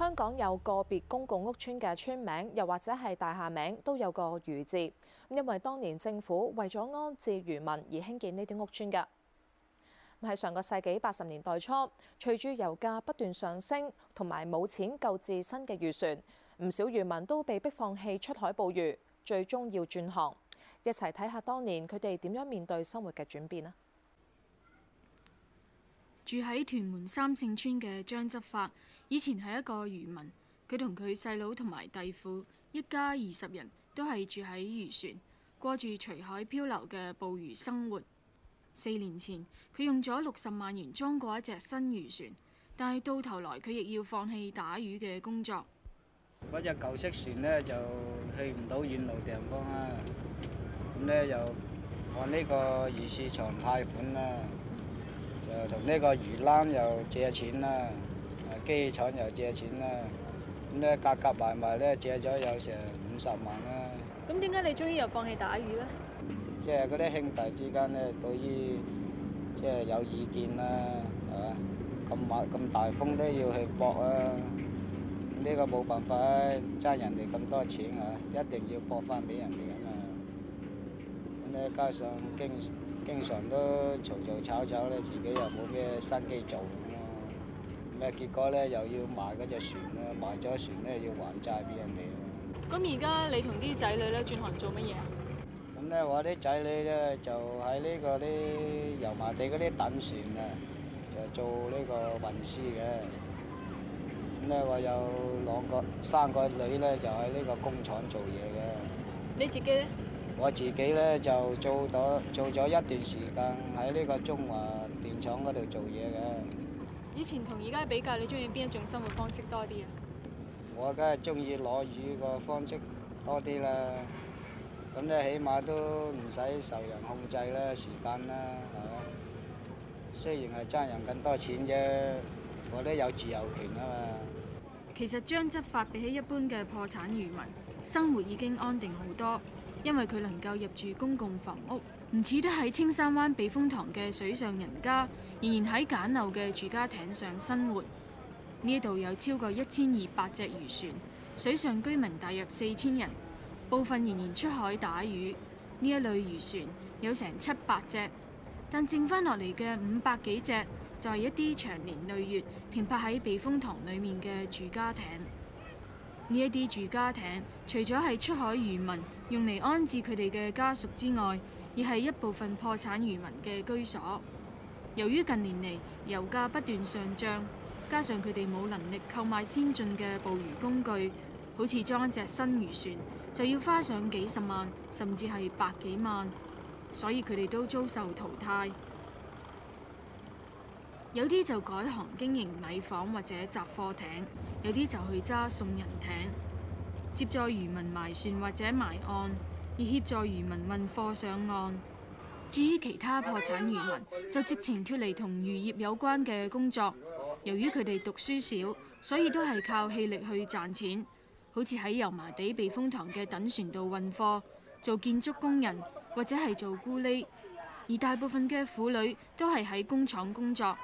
香港有個別公共屋邨嘅村名，又或者係大廈名，都有個漁字，因為當年政府為咗安置漁民而興建呢啲屋邨嘅。喺上個世紀八十年代初，隨住油價不斷上升，同埋冇錢購置新嘅漁船，唔少漁民都被迫放棄出海捕魚，最終要轉行。一齊睇下當年佢哋點樣面對生活嘅轉變啦。住喺屯門三聖村嘅張執法，以前係一個漁民，佢同佢細佬同埋弟父一家二十人，都係住喺漁船，過住隨海漂流嘅捕魚生活。四年前，佢用咗六十萬元裝過一隻新漁船，但係到頭來佢亦要放棄打魚嘅工作。嗰隻舊式船呢，就去唔到遠路地方啦，啊，咁呢，又按呢個魚市場貸款啦。誒同呢個魚欄又借錢啦，誒機廠又借錢啦，咁咧夾夾埋埋咧借咗有成五十萬啦。咁點解你終於又放棄打魚咧？即係嗰啲兄弟之間咧，對於即係有意見啦，係嘛？咁猛咁大風都要去搏啊！呢個冇辦法，爭人哋咁多錢啊，一定要搏翻俾人哋。咧加上經經常都嘈嘈吵吵咧，自己又冇咩心機做咁咯。咩結果咧又要賣嗰隻船咧，賣咗船咧要還債俾人哋咯。咁而家你同啲仔女咧轉行做乜嘢啊？咁咧話啲仔女咧就喺呢、這個啲油麻地嗰啲等船啊，就做個運呢個運輸嘅。咁咧話有兩個三個女咧就喺呢個工廠做嘢嘅。你自己咧？我自己咧就做咗做咗一段時間喺呢個中華電廠嗰度做嘢嘅。以前同而家比較，你中意邊一種生活方式多啲啊？我梗係中意攞魚個方式多啲啦。咁咧起碼都唔使受人控制啦，時間啦，係嘛？雖然係爭人咁多錢啫，我都有自由權啊嘛。其實張執法比起一般嘅破產漁民，生活已經安定好多。因為佢能夠入住公共房屋，唔似得喺青山灣避風塘嘅水上人家，仍然喺簡陋嘅住家艇上生活。呢度有超過一千二百隻漁船，水上居民大約四千人，部分仍然出海打魚。呢一類漁船有成七百隻，但剩翻落嚟嘅五百幾隻，就係一啲長年累月停泊喺避風塘裡面嘅住家艇。呢一啲住家艇，除咗係出海漁民用嚟安置佢哋嘅家屬之外，亦係一部分破產漁民嘅居所。由於近年嚟油價不斷上漲，加上佢哋冇能力購買先進嘅捕魚工具，好似裝隻新漁船就要花上幾十萬，甚至係百幾萬，所以佢哋都遭受淘汰。有啲就改行經營米房或者雜貨艇，有啲就去揸送人艇，接載漁民埋船或者埋岸，以協助漁民運貨上岸。至於其他破產漁民，就直情脱離同漁業有關嘅工作。由於佢哋讀書少，所以都係靠氣力去賺錢，好似喺油麻地避風塘嘅等船度運貨，做建築工人或者係做咕喱。而大部分嘅婦女都係喺工廠工作。